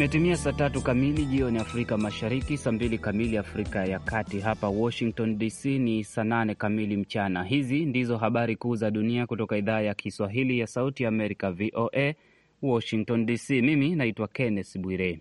Imetimia saa tatu kamili jioni Afrika Mashariki, saa mbili kamili Afrika ya Kati. Hapa Washington DC ni saa nane kamili mchana. Hizi ndizo habari kuu za dunia kutoka idhaa ya Kiswahili ya Sauti ya Amerika, VOA Washington DC. Mimi naitwa Kenneth Bwire.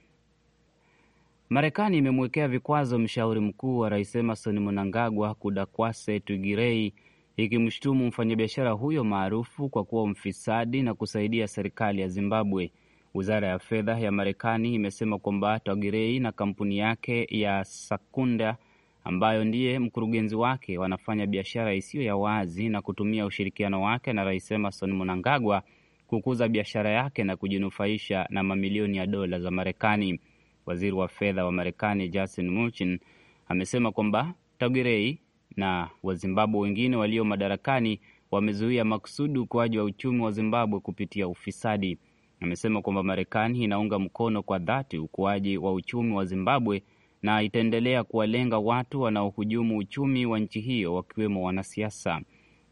Marekani imemwekea vikwazo mshauri mkuu wa rais Emerson Mnangagwa Kudakwase Tugirei, ikimshutumu mfanyabiashara huyo maarufu kwa kuwa mfisadi na kusaidia serikali ya Zimbabwe. Wizara ya fedha ya Marekani imesema kwamba Tagirei na kampuni yake ya Sakunda ambayo ndiye mkurugenzi wake wanafanya biashara isiyo ya wazi na kutumia ushirikiano wake na Rais Emerson Mnangagwa kukuza biashara yake na kujinufaisha na mamilioni ya dola za Marekani. Waziri wa fedha wa Marekani Justin Mnuchin amesema kwamba Tagirei na Wazimbabwe wengine walio madarakani wamezuia makusudi ukuaji wa uchumi wa Zimbabwe kupitia ufisadi amesema kwamba Marekani inaunga mkono kwa dhati ukuaji wa uchumi wa Zimbabwe na itaendelea kuwalenga watu wanaohujumu uchumi wa nchi hiyo wakiwemo wanasiasa.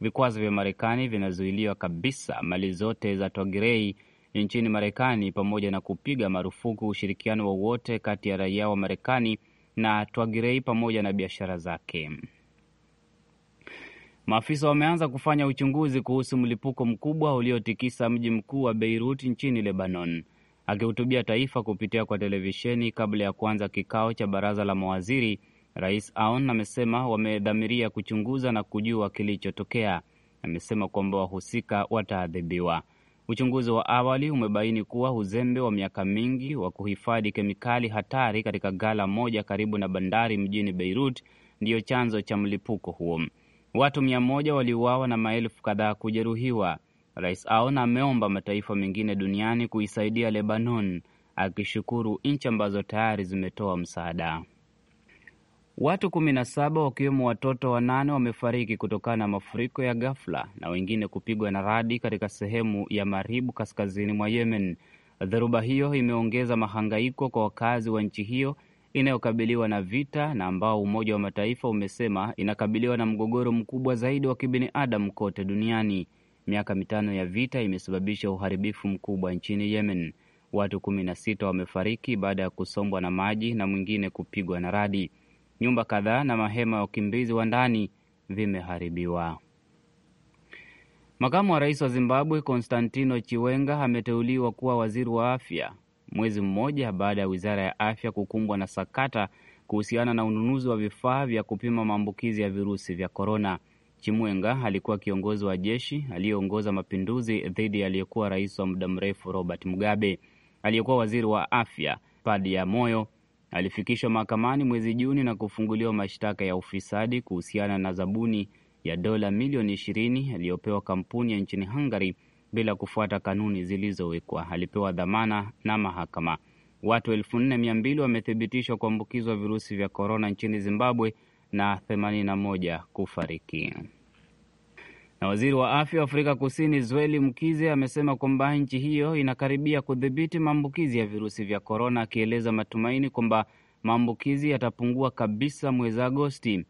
Vikwazo vya Marekani vinazuiliwa kabisa mali zote za Twagirei nchini Marekani pamoja na kupiga marufuku ushirikiano wowote kati ya raia wa Marekani na Twagirei pamoja na biashara zake. Maafisa wameanza kufanya uchunguzi kuhusu mlipuko mkubwa uliotikisa mji mkuu wa Beirut nchini Lebanon. Akihutubia taifa kupitia kwa televisheni kabla ya kuanza kikao cha baraza la mawaziri, Rais Aoun amesema wamedhamiria kuchunguza na kujua kilichotokea. Amesema kwamba wahusika wataadhibiwa. Uchunguzi wa awali umebaini kuwa uzembe wa miaka mingi wa kuhifadhi kemikali hatari katika ghala moja karibu na bandari mjini Beirut ndiyo chanzo cha mlipuko huo. Watu mia moja waliuawa na maelfu kadhaa kujeruhiwa. Rais Aoun ameomba mataifa mengine duniani kuisaidia Lebanon, akishukuru nchi ambazo tayari zimetoa msaada. Watu kumi na saba wakiwemo watoto wanane wamefariki kutokana na mafuriko ya ghafla na wengine kupigwa na radi katika sehemu ya Maribu kaskazini mwa Yemen. Dharuba hiyo imeongeza mahangaiko kwa wakazi wa nchi hiyo inayokabiliwa na vita na ambao Umoja wa Mataifa umesema inakabiliwa na mgogoro mkubwa zaidi wa kibinadamu kote duniani. Miaka mitano ya vita imesababisha uharibifu mkubwa nchini Yemen. Watu kumi na sita wamefariki baada ya kusombwa na maji na mwingine kupigwa na radi. Nyumba kadhaa na mahema ya wakimbizi wa ndani vimeharibiwa. Makamu wa rais wa Zimbabwe Konstantino Chiwenga ameteuliwa kuwa waziri wa afya mwezi mmoja baada ya wizara ya afya kukumbwa na sakata kuhusiana na ununuzi wa vifaa vya kupima maambukizi ya virusi vya korona. chimwenga alikuwa kiongozi wa jeshi aliyeongoza mapinduzi dhidi ya aliyekuwa rais wa muda mrefu Robert Mugabe. Aliyekuwa waziri wa afya Padi ya Moyo alifikishwa mahakamani mwezi Juni na kufunguliwa mashtaka ya ufisadi kuhusiana na zabuni ya dola milioni ishirini aliyopewa kampuni ya nchini Hungary bila kufuata kanuni zilizowekwa. Alipewa dhamana na mahakama. Watu elfu nne mia mbili wamethibitishwa kuambukizwa virusi vya korona nchini Zimbabwe na 81 kufariki. Na waziri wa afya wa Afrika Kusini Zweli Mkize amesema kwamba nchi hiyo inakaribia kudhibiti maambukizi ya virusi vya korona, akieleza matumaini kwamba maambukizi yatapungua kabisa mwezi Agosti.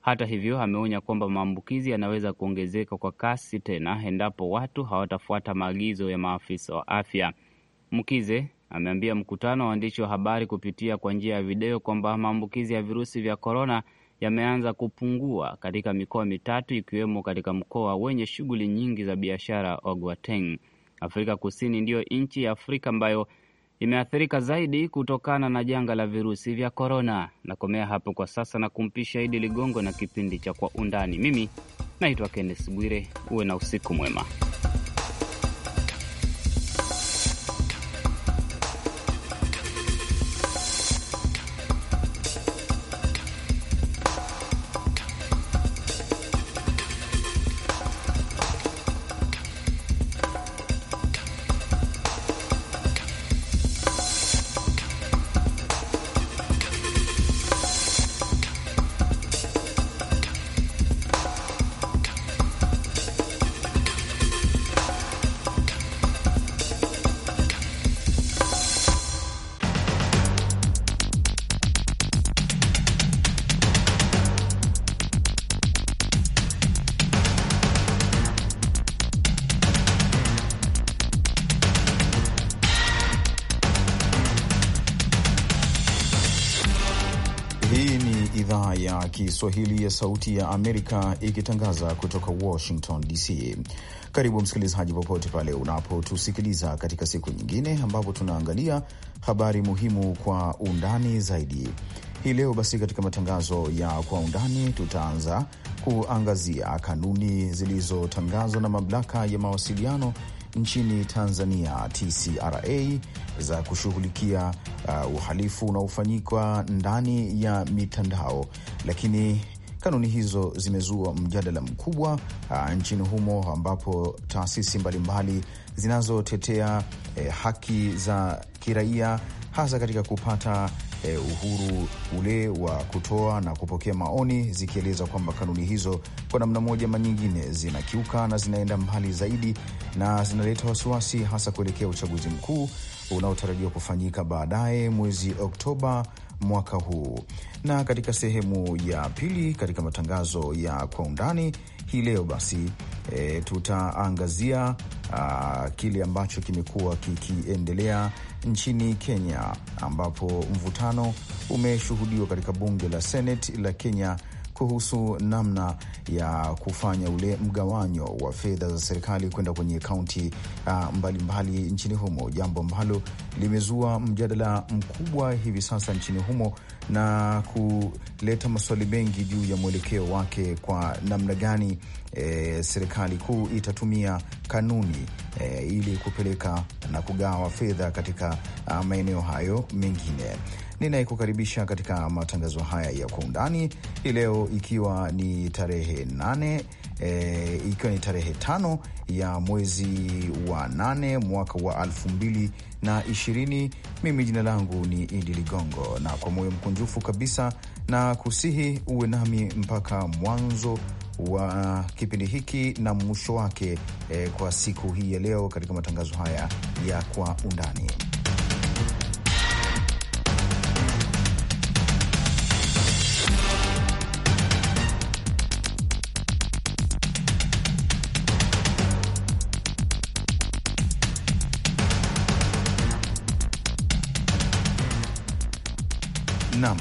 Hata hivyo, ameonya kwamba maambukizi yanaweza kuongezeka kwa kasi tena endapo watu hawatafuata maagizo ya maafisa wa afya. Mkize ameambia mkutano wa waandishi wa habari kupitia kwa njia ya video kwamba maambukizi ya virusi vya korona yameanza kupungua katika mikoa mitatu ikiwemo katika mkoa wenye shughuli nyingi za biashara wa Gauteng. Afrika Kusini ndiyo nchi ya Afrika ambayo imeathirika zaidi kutokana na janga la virusi vya korona. Nakomea hapo kwa sasa na kumpisha Idi Ligongo na kipindi cha Kwa Undani. Mimi naitwa Kennes Bwire, uwe na usiku mwema. Kiswahili ya Sauti ya Amerika ikitangaza kutoka Washington DC. Karibu msikilizaji, popote pale unapotusikiliza katika siku nyingine ambapo tunaangalia habari muhimu kwa undani zaidi. Hii leo basi, katika matangazo ya kwa undani, tutaanza kuangazia kanuni zilizotangazwa na mamlaka ya mawasiliano nchini Tanzania TCRA za kushughulikia uh, uhalifu unaofanyika ndani ya mitandao, lakini kanuni hizo zimezua mjadala mkubwa uh, nchini humo ambapo taasisi mbalimbali zinazotetea eh, haki za kiraia hasa katika kupata eh, uhuru ule wa kutoa na kupokea maoni, zikieleza kwamba kanuni hizo kwa namna moja ama nyingine zinakiuka na zinaenda mbali zaidi na zinaleta wasiwasi, hasa kuelekea uchaguzi mkuu unaotarajiwa kufanyika baadaye mwezi Oktoba mwaka huu. Na katika sehemu ya pili katika matangazo ya kwa undani hii leo basi, e, tutaangazia uh, kile ambacho kimekuwa kikiendelea nchini Kenya ambapo mvutano umeshuhudiwa katika bunge la Senate la Kenya kuhusu namna ya kufanya ule mgawanyo wa fedha za serikali kwenda kwenye kaunti uh, mbalimbali nchini humo, jambo ambalo limezua mjadala mkubwa hivi sasa nchini humo na kuleta maswali mengi juu ya mwelekeo wake, kwa namna gani e, serikali kuu itatumia kanuni e, ili kupeleka na kugawa fedha katika ah, maeneo hayo mengine ninayekukaribisha katika matangazo haya ya kwa undani hii leo, ikiwa ni tarehe nane e, ikiwa ni tarehe tano ya mwezi wa nane mwaka wa alfu mbili na ishirini. Mimi jina langu ni Idi Ligongo, na kwa moyo mkunjufu kabisa na kusihi uwe nami mpaka mwanzo wa kipindi hiki na mwisho wake, eh, kwa siku hii ya leo katika matangazo haya ya kwa undani. Nam,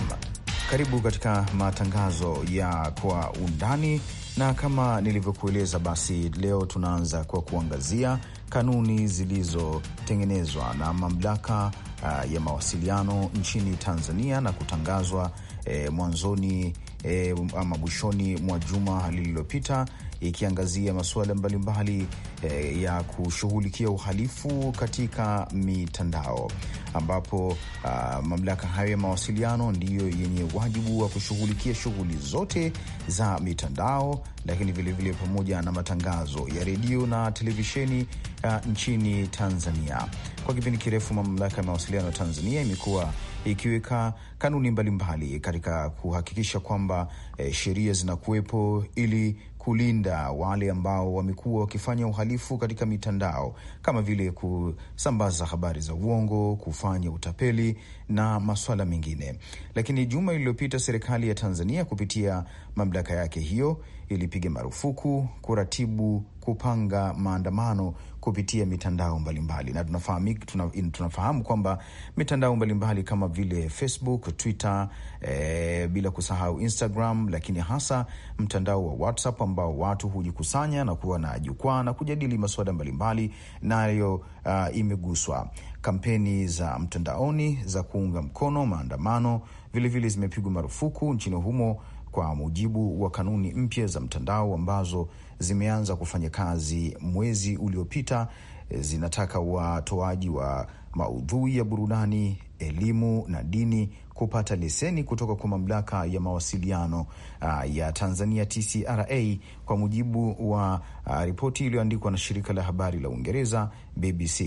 karibu katika matangazo ya kwa undani, na kama nilivyokueleza, basi leo tunaanza kwa kuangazia kanuni zilizotengenezwa na mamlaka uh, ya mawasiliano nchini Tanzania na kutangazwa eh, mwanzoni eh, ama mwishoni mwa juma lililopita ikiangazia masuala mbalimbali e, ya kushughulikia uhalifu katika mitandao, ambapo a, ah, mamlaka hayo ya mawasiliano ndiyo yenye wajibu wa kushughulikia shughuli zote za mitandao, lakini vilevile vile pamoja na matangazo ya redio na televisheni a, ah, nchini Tanzania. Kwa kipindi kirefu mamlaka ya mawasiliano Tanzania imekuwa ikiweka kanuni mbalimbali katika kuhakikisha kwamba e, sheria zinakuwepo ili kulinda wale ambao wamekuwa wakifanya uhalifu katika mitandao kama vile kusambaza habari za uongo, kufanya utapeli na maswala mengine. Lakini juma lililopita serikali ya Tanzania kupitia mamlaka yake hiyo ilipiga marufuku kuratibu kupanga maandamano kupitia mitandao mbalimbali mbali. Na tuna, tunafahamu kwamba mitandao mbalimbali mbali kama vile Facebook, Twitter, e, bila kusahau Instagram, lakini hasa mtandao wa WhatsApp ambao watu hujikusanya na kuwa na jukwaa na kujadili masuala mbalimbali, nayo uh, imeguswa. Kampeni za mtandaoni za kuunga mkono maandamano vilevile zimepigwa marufuku nchini humo kwa mujibu wa kanuni mpya za mtandao ambazo zimeanza kufanya kazi mwezi uliopita. Eh, zinataka watoaji wa maudhui ya burudani, elimu na dini kupata leseni kutoka kwa mamlaka ya mawasiliano ah, ya Tanzania TCRA, kwa mujibu wa ah, ripoti iliyoandikwa na shirika la habari la Uingereza BBC.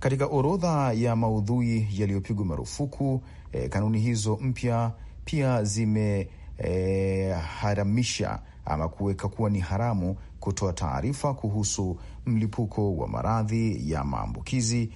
Katika orodha ya maudhui yaliyopigwa marufuku eh, kanuni hizo mpya pia zime e, haramisha ama kuweka kuwa ni haramu kutoa taarifa kuhusu mlipuko wa maradhi ya maambukizi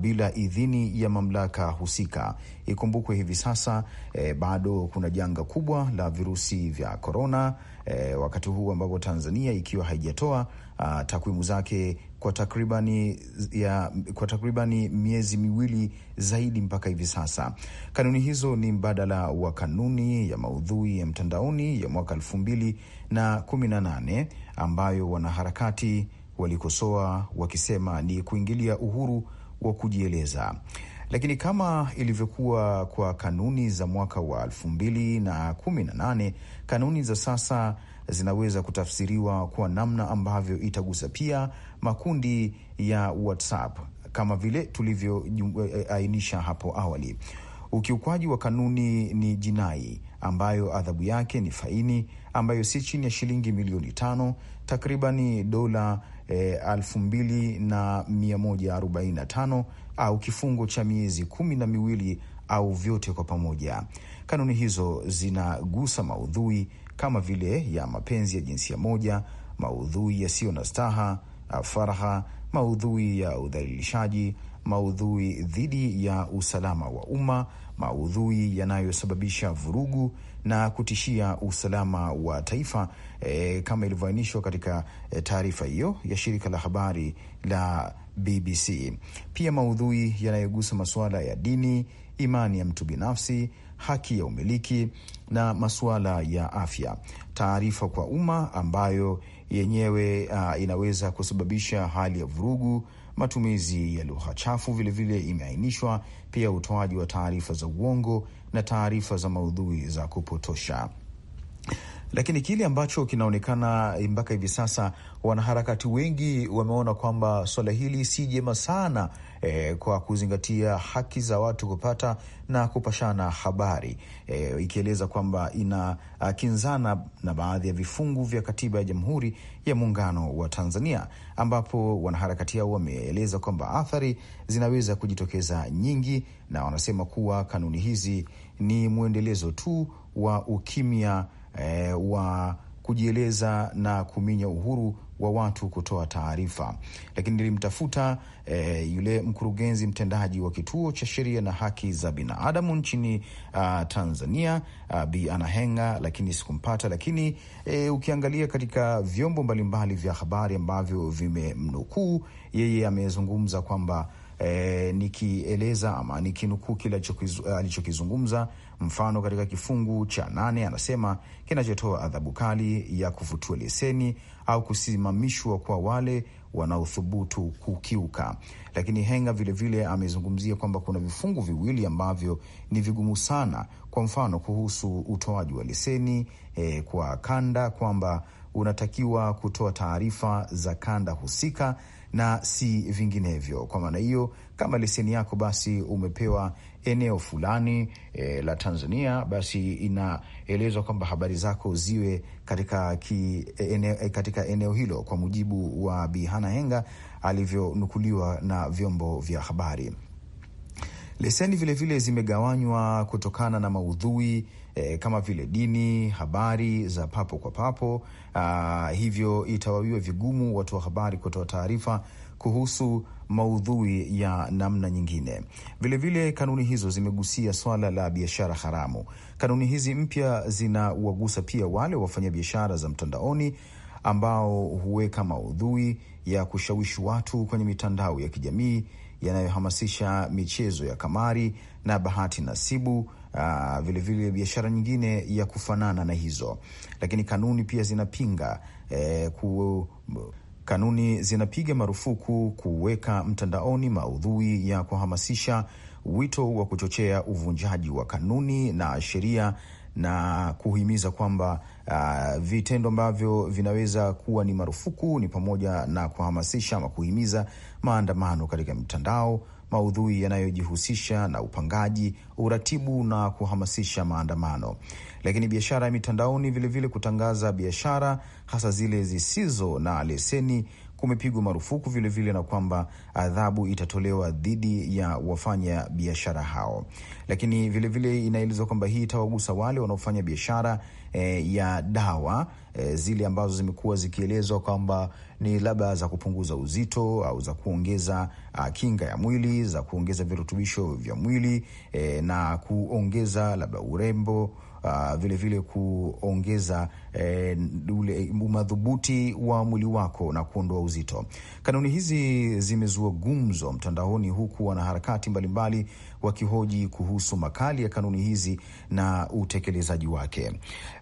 bila idhini ya mamlaka husika. Ikumbukwe hivi sasa eh, bado kuna janga kubwa la virusi vya korona eh, wakati huu ambapo Tanzania ikiwa haijatoa uh, takwimu zake kwa takribani ya, kwa takribani miezi miwili zaidi mpaka hivi sasa. Kanuni hizo ni mbadala wa kanuni ya maudhui ya mtandaoni ya mwaka elfu mbili na kumi na nane ambayo wanaharakati walikosoa wakisema ni kuingilia uhuru wa kujieleza. Lakini kama ilivyokuwa kwa kanuni za mwaka wa elfu mbili na kumi na nane, kanuni za sasa zinaweza kutafsiriwa kwa namna ambavyo itagusa pia makundi ya WhatsApp kama vile tulivyoainisha eh, eh, hapo awali. Ukiukwaji wa kanuni ni jinai ambayo adhabu yake ni faini ambayo si chini ya shilingi milioni tano, takribani dola elfu eh, mbili na mia moja arobaini na tano au kifungo cha miezi kumi na miwili au vyote kwa pamoja. Kanuni hizo zinagusa maudhui kama vile ya mapenzi ya jinsia moja, maudhui yasiyo na staha, faraha, maudhui ya udhalilishaji, maudhui dhidi ya usalama wa umma, maudhui yanayosababisha vurugu na kutishia usalama wa taifa e, kama ilivyoainishwa katika e, taarifa hiyo ya shirika la habari la BBC. Pia maudhui yanayogusa masuala ya dini, imani ya mtu binafsi haki ya umiliki na masuala ya afya, taarifa kwa umma ambayo yenyewe uh, inaweza kusababisha hali ya vurugu. Matumizi ya lugha chafu vilevile imeainishwa, pia utoaji wa taarifa za uongo na taarifa za maudhui za kupotosha. Lakini kile ambacho kinaonekana mpaka hivi sasa, wanaharakati wengi wameona kwamba swala hili si jema sana e, kwa kuzingatia haki za watu kupata na kupashana habari e, ikieleza kwamba ina ah, kinzana na baadhi ya vifungu vya katiba ya Jamhuri ya Muungano wa Tanzania, ambapo wanaharakati hao wameeleza kwamba athari zinaweza kujitokeza nyingi, na wanasema kuwa kanuni hizi ni mwendelezo tu wa ukimya e, wa kujieleza na kuminya uhuru wa watu kutoa taarifa, lakini nilimtafuta e, yule mkurugenzi mtendaji wa kituo cha sheria na haki za binadamu nchini uh, Tanzania uh, Bi Anahenga, lakini sikumpata. Lakini e, ukiangalia katika vyombo mbalimbali vya habari ambavyo vimemnukuu yeye, amezungumza kwamba E, nikieleza ama nikinukuu kile alichokizungumza Mfano, katika kifungu cha nane anasema kinachotoa adhabu kali ya kuvutua leseni au kusimamishwa kwa wale wanaothubutu kukiuka. Lakini Henga vilevile amezungumzia kwamba kuna vifungu viwili ambavyo ni vigumu sana, kwa mfano kuhusu utoaji wa leseni e, kwa kanda kwamba unatakiwa kutoa taarifa za kanda husika na si vinginevyo. Kwa maana hiyo, kama leseni yako basi umepewa eneo fulani e, la Tanzania, basi inaelezwa kwamba habari zako ziwe katika, ki, eh, eneo, eh, katika eneo hilo, kwa mujibu wa bihana Henga alivyonukuliwa na vyombo vya habari. Leseni vilevile zimegawanywa kutokana na maudhui e, kama vile dini, habari za papo kwa papo. Ah, hivyo itawawiwa vigumu watu wa habari kutoa taarifa kuhusu maudhui ya namna nyingine. Vilevile kanuni hizo zimegusia swala la biashara haramu. Kanuni hizi mpya zinawagusa pia wale wafanya biashara za mtandaoni ambao huweka maudhui ya kushawishi watu kwenye mitandao ya kijamii yanayohamasisha michezo ya kamari na bahati nasibu, vilevile ah, biashara nyingine ya kufanana na hizo. Lakini kanuni pia zinapinga eh, ku kanuni zinapiga marufuku kuweka mtandaoni maudhui ya kuhamasisha, wito wa kuchochea uvunjaji wa kanuni na sheria na kuhimiza kwamba Uh, vitendo ambavyo vinaweza kuwa ni marufuku ni pamoja na kuhamasisha ama kuhimiza maandamano katika mitandao, maudhui yanayojihusisha na upangaji, uratibu na kuhamasisha maandamano. Lakini biashara ya mitandaoni vilevile, kutangaza biashara hasa zile zisizo na leseni kumepigwa marufuku vilevile vile, na kwamba adhabu itatolewa dhidi ya wafanya biashara hao. Lakini vilevile inaelezwa kwamba hii itawagusa wale wanaofanya biashara e, ya dawa e, zile ambazo zimekuwa zikielezwa kwamba ni labda za kupunguza uzito au za kuongeza a, ah, kinga ya mwili, za kuongeza virutubisho vya mwili e, na kuongeza labda urembo vilevile uh, vile kuongeza eh, ule umadhubuti wa mwili wako na kuondoa uzito. Kanuni hizi zimezua gumzo mtandaoni, huku wanaharakati mbalimbali wakihoji kuhusu makali ya kanuni hizi na utekelezaji wake.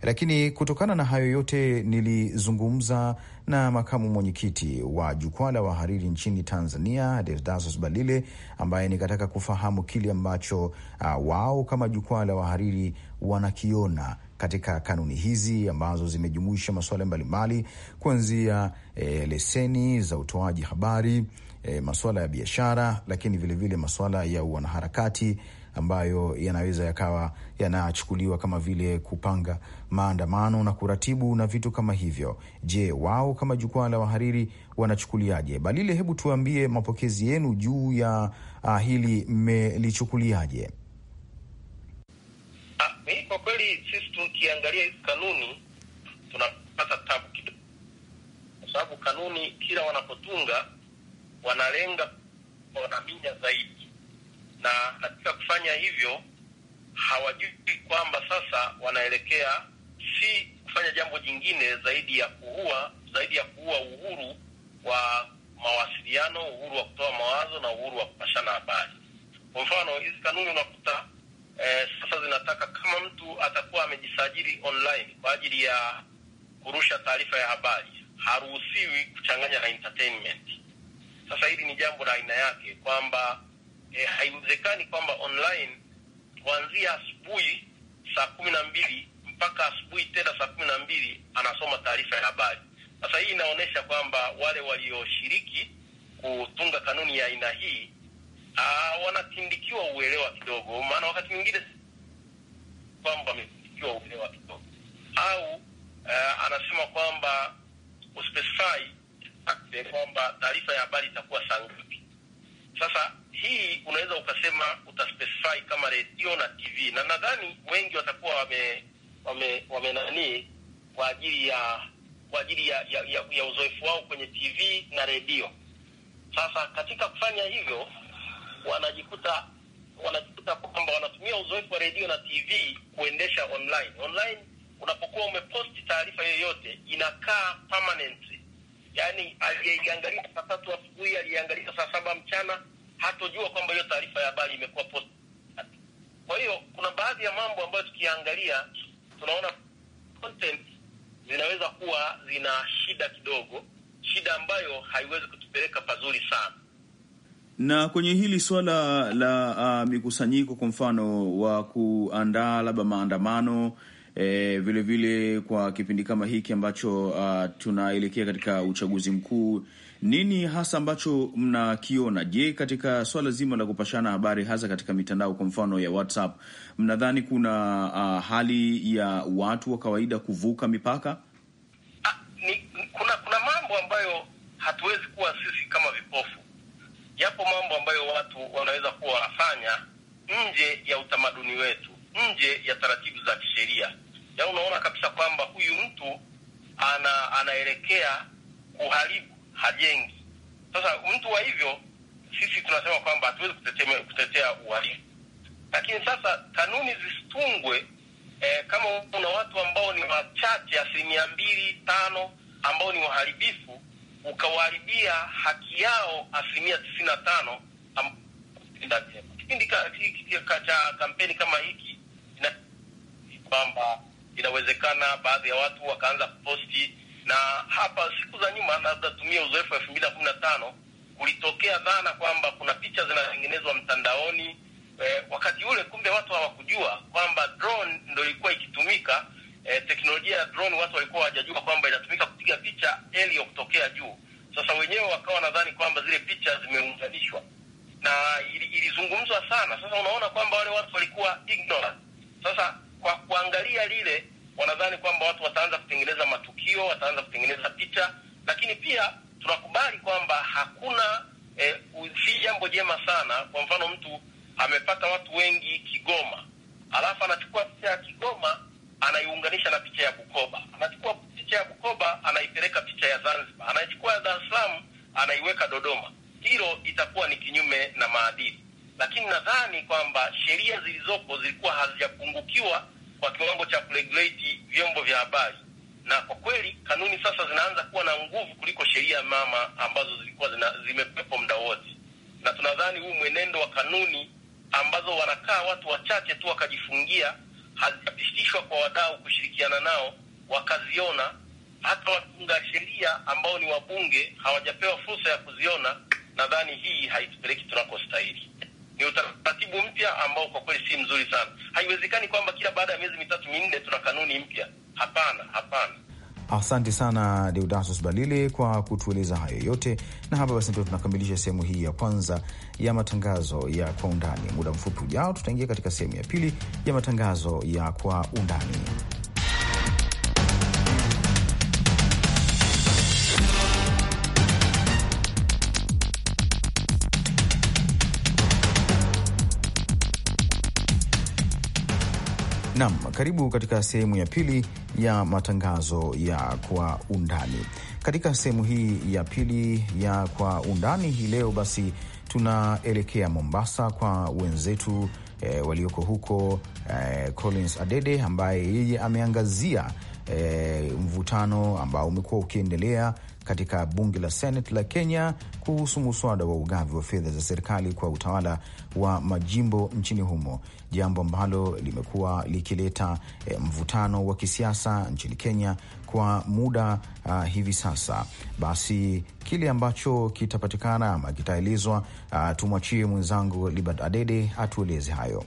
Lakini kutokana na hayo yote nilizungumza na makamu mwenyekiti wa jukwaa la wahariri nchini Tanzania, Deodatus Balile, ambaye nikataka kufahamu kile ambacho uh, wao kama jukwaa la wahariri wanakiona katika kanuni hizi ambazo zimejumuisha masuala mbalimbali kuanzia e, leseni za utoaji habari, e, masuala ya biashara, lakini vilevile masuala ya wanaharakati ambayo yanaweza yakawa yanachukuliwa kama vile kupanga maandamano na kuratibu na vitu kama hivyo. Je, wao kama jukwaa la wahariri wanachukuliaje? Balile, hebu tuambie mapokezi yenu juu ya uh, hili mmelichukuliaje? Mimi ah, kwa kweli, sisi tukiangalia hizi kanuni tunapata tabu kidogo, kwa sababu kanuni kila wanapotunga wanalenga wanaminya zaidi na katika kufanya hivyo hawajui kwamba sasa wanaelekea si kufanya jambo jingine zaidi ya kuua, zaidi ya kuua uhuru wa mawasiliano, uhuru wa kutoa mawazo na uhuru wa kupashana habari. Kwa mfano hizi kanuni unakuta eh, sasa zinataka kama mtu atakuwa amejisajili online kwa ajili ya kurusha taarifa ya habari, haruhusiwi kuchanganya na entertainment. Sasa hili ni jambo la aina yake kwamba e, haiwezekani kwamba online kuanzia asubuhi saa kumi na mbili mpaka asubuhi tena saa kumi na mbili anasoma taarifa ya habari. Sasa hii inaonyesha kwamba wale walioshiriki kutunga kanuni ya aina hii ah, wanatindikiwa uelewa kidogo, maana wakati mwingine kwamba wametindikiwa uelewa kidogo au uh, anasema kwamba uspecify eh, kwamba taarifa ya habari itakuwa saa ngapi. Sasa hii unaweza ukasema utaspecify kama redio na TV, na nadhani wengi watakuwa wame, wame, wame nani kwa ajili ya kwa ajili ya, ya, ya, ya uzoefu wao kwenye TV na redio. Sasa katika kufanya hivyo wanajikuta wanajikuta kwamba wanatumia uzoefu wa redio na TV kuendesha online. Online unapokuwa umeposti taarifa yoyote inakaa permanent, yaani aliyeiangalia saa tatu asubuhi, aliyeangalia saa saba mchana hatojua kwamba hiyo taarifa ya habari imekuwa post. Kwa hiyo kuna baadhi ya mambo ambayo tukiangalia tunaona content zinaweza kuwa zina shida kidogo, shida ambayo haiwezi kutupeleka pazuri sana. Na kwenye hili swala la uh, mikusanyiko kwa mfano wa kuandaa labda maandamano E, vile vile kwa kipindi kama hiki ambacho uh, tunaelekea katika uchaguzi mkuu nini hasa ambacho mnakiona? Je, katika swala zima la kupashana habari hasa katika mitandao kwa mfano ya WhatsApp, mnadhani kuna uh, hali ya watu wa kawaida kuvuka mipaka? A, ah, ni, kuna, kuna mambo ambayo hatuwezi kuwa sisi kama vipofu. Yapo mambo ambayo watu wanaweza kuwa wanafanya nje ya utamaduni wetu, nje ya taratibu za kisheria, yaani unaona kabisa kwamba huyu mtu ana, anaelekea kuharibu hajengi. Sasa mtu wa hivyo, sisi tunasema kwamba hatuwezi kutetea, kutetea uhalifu, lakini sasa kanuni zisitungwe eh, kama kuna watu ambao ni wachache, asilimia mbili tano, ambao ni waharibifu, ukawaharibia haki yao asilimia tisini na tano kipindi cha kampeni kama hiki kwamba inawezekana baadhi ya watu wakaanza kuposti na hapa siku za nyuma, natatumia uzoefu wa elfu mbili na kumi na tano kulitokea dhana kwamba kuna picha zinatengenezwa mtandaoni. Eh, wakati ule kumbe watu hawakujua kwamba drone ndo ilikuwa ikitumika. Eh, teknolojia ya drone watu walikuwa hawajajua kwamba inatumika kupiga picha elio kutokea juu. Sasa wenyewe wakawa nadhani kwamba zile picha zimeunganishwa na ilizungumzwa sana. Sasa unaona kwamba wale watu walikuwa ignorant. Sasa kwa kuangalia lile wanadhani kwamba watu wataanza kutengeneza matukio, wataanza kutengeneza picha, lakini pia tunakubali kwamba hakuna e, si jambo jema sana. Kwa mfano, mtu amepata watu wengi Kigoma, alafu anachukua picha ya Kigoma anaiunganisha na picha ya Bukoba, anachukua picha ya Bukoba anaipeleka picha ya Zanzibar, anaichukua ya Dar es Salaam anaiweka Dodoma. Hilo itakuwa ni kinyume na maadili, lakini nadhani kwamba sheria zilizopo zilikuwa hazijapungukiwa kwa kiwango cha kuregulate vyombo vya habari, na kwa kweli kanuni sasa zinaanza kuwa na nguvu kuliko sheria mama ambazo zilikuwa zimepepo muda wote, na tunadhani huu mwenendo wa kanuni ambazo wanakaa watu wachache tu wakajifungia, hazijapitishwa kwa wadau kushirikiana nao wakaziona. Hata watunga sheria ambao ni wabunge hawajapewa fursa ya kuziona. Nadhani hii haitupeleki tunakostahili ni utaratibu mpya ambao kwa kweli si mzuri sana. Haiwezekani kwamba kila baada ya miezi mitatu minne tuna kanuni mpya. Hapana, hapana. Asante sana deudasus Balile kwa kutueleza hayo yote, na hapa basi ndio tunakamilisha sehemu hii ya kwanza ya matangazo ya kwa undani. Muda mfupi ujao, tutaingia katika sehemu ya pili ya matangazo ya kwa undani. Nam, karibu katika sehemu ya pili ya matangazo ya kwa undani. Katika sehemu hii ya pili ya kwa undani hii leo, basi tunaelekea Mombasa kwa wenzetu e, walioko huko e, Collins Adede ambaye yeye ameangazia e, mvutano ambao umekuwa ukiendelea katika bunge la Senate la Kenya kuhusu muswada wa ugavi wa fedha za serikali kwa utawala wa majimbo nchini humo, jambo ambalo limekuwa likileta e, mvutano wa kisiasa nchini Kenya kwa muda uh, hivi sasa. Basi kile ambacho kitapatikana ama kitaelezwa, uh, tumwachie mwenzangu Libert Adede atueleze hayo.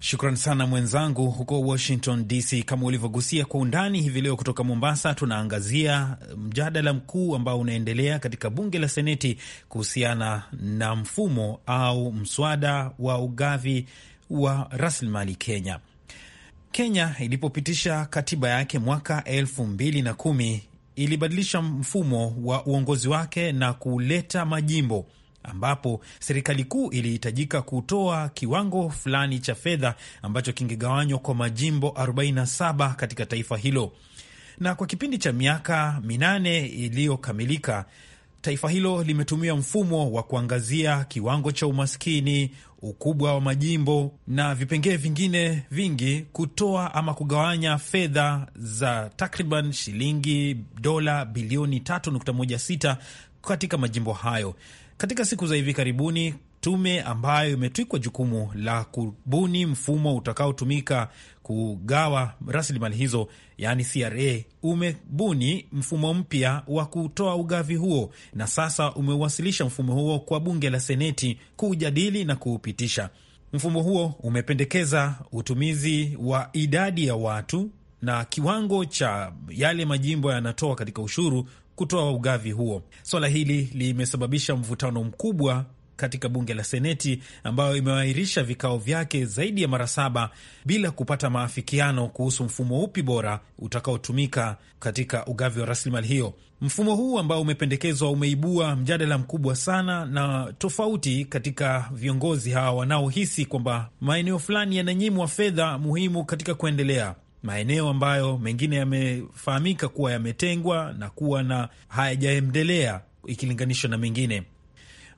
Shukran sana mwenzangu huko Washington DC. Kama ulivyogusia kwa undani hivi leo, kutoka Mombasa tunaangazia mjadala mkuu ambao unaendelea katika bunge la Seneti kuhusiana na mfumo au mswada wa ugavi wa rasilimali Kenya. Kenya ilipopitisha katiba yake mwaka elfu mbili na kumi ilibadilisha mfumo wa uongozi wake na kuleta majimbo ambapo serikali kuu ilihitajika kutoa kiwango fulani cha fedha ambacho kingegawanywa kwa majimbo 47 katika taifa hilo. Na kwa kipindi cha miaka minane iliyokamilika, taifa hilo limetumia mfumo wa kuangazia kiwango cha umaskini, ukubwa wa majimbo na vipengee vingine vingi, kutoa ama kugawanya fedha za takriban shilingi dola bilioni 3.16 katika majimbo hayo. Katika siku za hivi karibuni tume ambayo imetwikwa jukumu la kubuni mfumo utakaotumika kugawa rasilimali hizo, yaani CRA, umebuni mfumo mpya wa kutoa ugavi huo, na sasa umewasilisha mfumo huo kwa bunge la Seneti kuujadili na kuupitisha. Mfumo huo umependekeza utumizi wa idadi ya watu na kiwango cha yale majimbo yanatoa katika ushuru kutoa ugavi huo. Swala hili limesababisha mvutano mkubwa katika bunge la Seneti ambayo imeahirisha vikao vyake zaidi ya mara saba bila kupata maafikiano kuhusu mfumo upi bora utakaotumika katika ugavi wa rasilimali hiyo. Mfumo huu ambao umependekezwa umeibua mjadala mkubwa sana na tofauti katika viongozi hawa wanaohisi kwamba maeneo fulani yananyimwa fedha muhimu katika kuendelea maeneo ambayo mengine yamefahamika kuwa yametengwa na kuwa na hayajaendelea ikilinganishwa na mengine.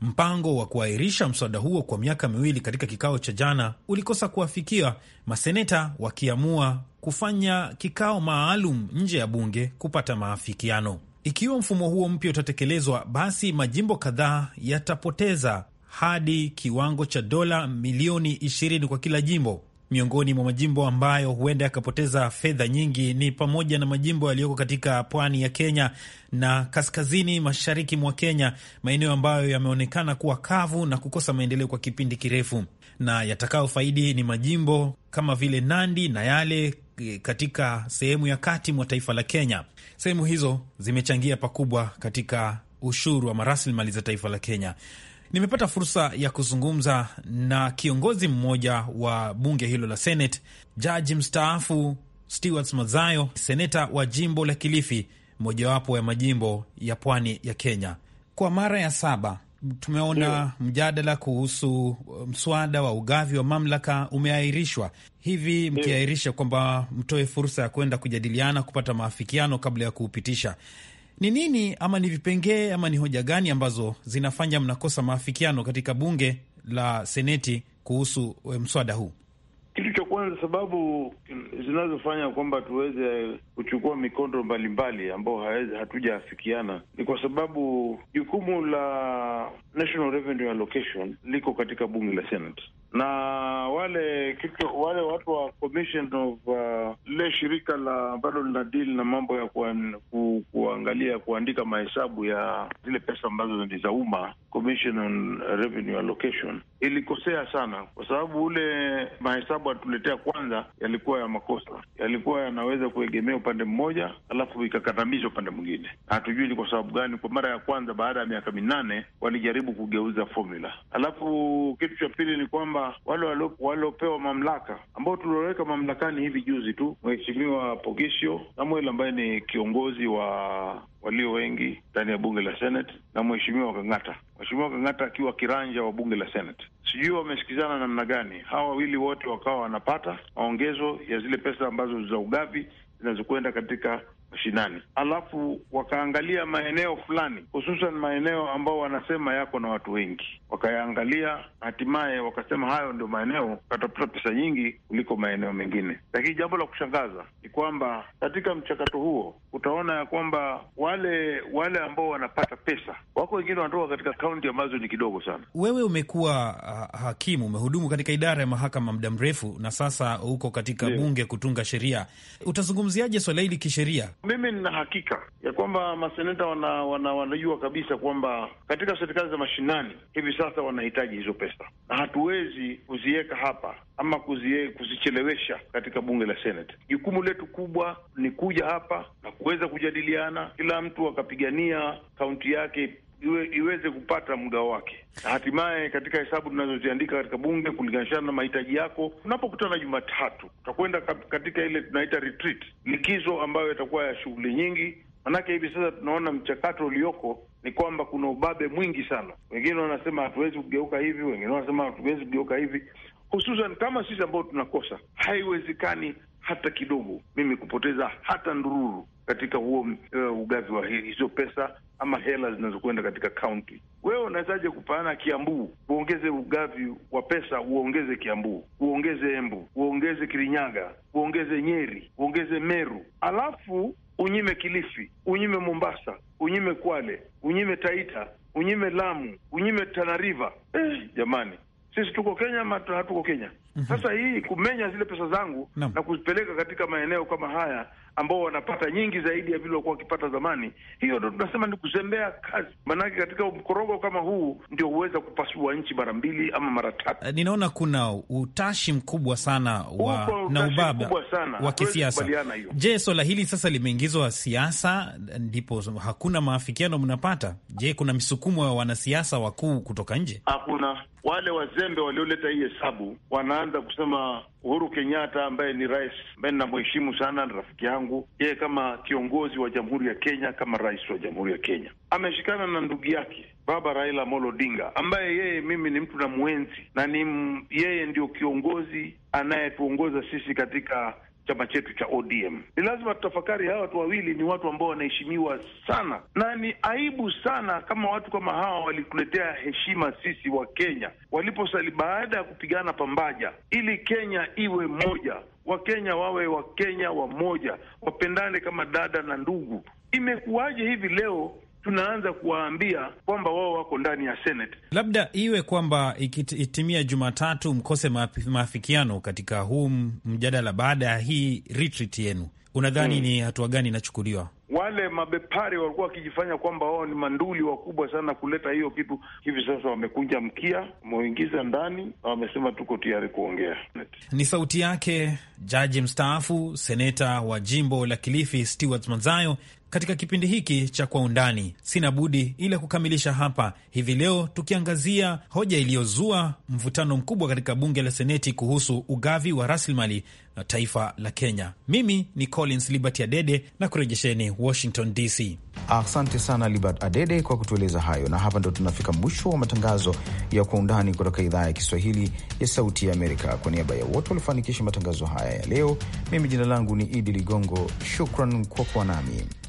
Mpango wa kuahirisha mswada huo kwa miaka miwili katika kikao cha jana ulikosa kuafikiwa, maseneta wakiamua kufanya kikao maalum nje ya bunge kupata maafikiano. Ikiwa mfumo huo mpya utatekelezwa, basi majimbo kadhaa yatapoteza hadi kiwango cha dola milioni 20 kwa kila jimbo Miongoni mwa majimbo ambayo huenda yakapoteza fedha nyingi ni pamoja na majimbo yaliyoko katika pwani ya Kenya na kaskazini mashariki mwa Kenya, maeneo ambayo yameonekana kuwa kavu na kukosa maendeleo kwa kipindi kirefu, na yatakayofaidi ni majimbo kama vile Nandi na yale e, katika sehemu ya kati mwa taifa la Kenya. Sehemu hizo zimechangia pakubwa katika ushuru ama rasilimali za taifa la Kenya. Nimepata fursa ya kuzungumza na kiongozi mmoja wa bunge hilo la Senate, jaji mstaafu Stewart Mazayo, seneta wa jimbo la Kilifi, mojawapo ya majimbo ya pwani ya Kenya. Kwa mara ya saba tumeona yeah, hmm. mjadala kuhusu uh, mswada wa ugavi wa mamlaka umeahirishwa. Hivi hmm. mkiahirisha kwamba mtoe fursa ya kwenda kujadiliana, kupata maafikiano kabla ya kuupitisha, ni nini ama ni vipengee ama ni hoja gani ambazo zinafanya mnakosa maafikiano katika bunge la seneti kuhusu eh, mswada huu? Kitu cha kwanza, sababu mm, zinazofanya kwamba tuweze kuchukua mikondo mbalimbali ambayo hatujaafikiana ni kwa sababu jukumu la National Revenue Allocation liko katika bunge la Senate na wale kitu, wale watu wa commission of uh, lile shirika la ambalo lina deal na mambo ya ku kuangalia kuandika mahesabu ya zile pesa ambazo ni za umma Commission on Revenue Allocation ilikosea sana, kwa sababu ule mahesabu atuletea kwanza yalikuwa ya makosa, yalikuwa yanaweza kuegemea upande mmoja, alafu ikakandamizwa upande mwingine. Hatujui ni kwa sababu gani. Kwa mara ya kwanza baada ya miaka minane walijaribu kugeuza formula. Alafu kitu cha pili ni kwamba wale waliopewa mamlaka ambao tulioweka mamlakani hivi juzi tu, Mheshimiwa Pogisho Samuel ambaye ni kiongozi wa walio wengi ndani ya bunge la Senate na mheshimiwa Kang'ata. Mheshimiwa Kang'ata akiwa kiranja wa bunge la Senate, sijui wamesikizana namna gani, hawa wawili wote wakawa wanapata maongezo ya zile pesa ambazo za ugavi zinazokwenda katika mashinani, alafu wakaangalia maeneo fulani, hususan maeneo ambao wanasema yako na watu wengi, wakayaangalia, hatimaye wakasema hayo ndio maeneo katapata pesa nyingi kuliko maeneo mengine. Lakini jambo la kushangaza ni kwamba katika mchakato huo utaona ya kwamba wale wale ambao wanapata pesa wako wengine wanatoka katika kaunti ambazo ni kidogo sana. Wewe umekuwa hakimu, umehudumu katika idara ya mahakama muda mrefu, na sasa uko katika yeah, bunge kutunga sheria. Utazungumziaje swala hili kisheria? Mimi nina hakika ya kwamba maseneta wanajua wana, wana kabisa kwamba katika serikali za mashinani hivi sasa wanahitaji hizo pesa, na hatuwezi kuziweka hapa ama kuzie, kuzichelewesha katika bunge la Senate. Jukumu letu kubwa ni kuja hapa na kuweza kujadiliana, kila mtu akapigania kaunti yake iwe, iweze kupata mgao wake, na hatimaye katika hesabu tunazoziandika katika bunge kulinganishana na mahitaji yako. Tunapokutana Jumatatu tutakwenda katika ile tunaita retreat, likizo ambayo itakuwa ya shughuli nyingi, manake hivi sasa tunaona mchakato ulioko ni kwamba kuna ubabe mwingi sana. Wengine wanasema hatuwezi kugeuka hivi, wengine wanasema hatuwezi kugeuka hivi hususan kama sisi ambao tunakosa. Haiwezekani hata kidogo mimi kupoteza hata ndururu katika huo uh, ugavi wa hizo pesa ama hela zinazokwenda katika kaunti. Wewe unawezaje kupaana Kiambu uongeze ugavi wa pesa, uongeze Kiambu, uongeze Embu, uongeze Kirinyaga, uongeze Nyeri, uongeze Meru, alafu unyime Kilifi, unyime Mombasa, unyime Kwale, unyime Taita, unyime Lamu, unyime Tanariva. Eh, jamani, sisi tuko Kenya ama hatuko Kenya? mm -hmm. Sasa hii kumenya zile pesa zangu no. na kuzipeleka katika maeneo kama haya ambao wanapata nyingi zaidi ya vile walikuwa wakipata zamani, hiyo ndo tunasema ni kuzembea kazi. Maanake katika mkorogo kama huu ndio huweza kupasua nchi mara mbili ama mara tatu. Eh, ninaona kuna utashi mkubwa sana wa, na ubaba wa kisiasa. Je, swala hili sasa limeingizwa siasa, ndipo hakuna maafikiano mnapata? Je, kuna msukumo wa wanasiasa wakuu kutoka nje? Hakuna wale wazembe walioleta hii hesabu wanaanza kusema Uhuru Kenyatta ambaye ni rais ambaye ninamheshimu sana, ni rafiki yangu, yeye kama kiongozi wa jamhuri ya Kenya, kama rais wa jamhuri ya Kenya ameshikana na ndugu yake baba Raila Amolo Odinga ambaye yeye mimi ni mtu na mwenzi na ni yeye ndio kiongozi anayetuongoza sisi katika chama chetu cha ODM. Ni lazima tutafakari, hawa watu wawili ni watu ambao wanaheshimiwa sana, na ni aibu sana kama watu kama hawa walituletea heshima sisi wa Kenya waliposali baada ya kupigana pambaja ili Kenya iwe moja, Wakenya wawe Wakenya wamoja, wapendane kama dada na ndugu. Imekuwaje hivi leo tunaanza kuwaambia kwamba wao wako ndani ya Senate. Labda iwe kwamba ikitimia Jumatatu mkose maafikiano katika huu mjadala baada ya hii retreat yenu, unadhani hmm, ni hatua gani inachukuliwa? Wale mabepari walikuwa wakijifanya kwamba wao ni manduli wakubwa sana kuleta hiyo kitu, hivi sasa wamekunja mkia, wameingiza ndani na wamesema tuko tayari kuongea. Ni sauti yake jaji mstaafu seneta wa jimbo la Kilifi Stewart Manzayo katika kipindi hiki cha Kwa Undani. Sina budi ila kukamilisha hapa hivi leo, tukiangazia hoja iliyozua mvutano mkubwa katika bunge la Seneti kuhusu ugavi wa rasilimali na taifa la Kenya. Mimi ni Collins Liberty Adede na kurejesheni Washington DC. Asante sana Libert Adede kwa kutueleza hayo, na hapa ndo tunafika mwisho wa matangazo ya Kwa Undani kutoka idhaa ya Kiswahili ya Sauti ya Amerika. Kwa niaba ya wote waliofanikisha matangazo haya ya leo, mimi jina langu ni Idi Ligongo. Shukran kwa kuwa nami.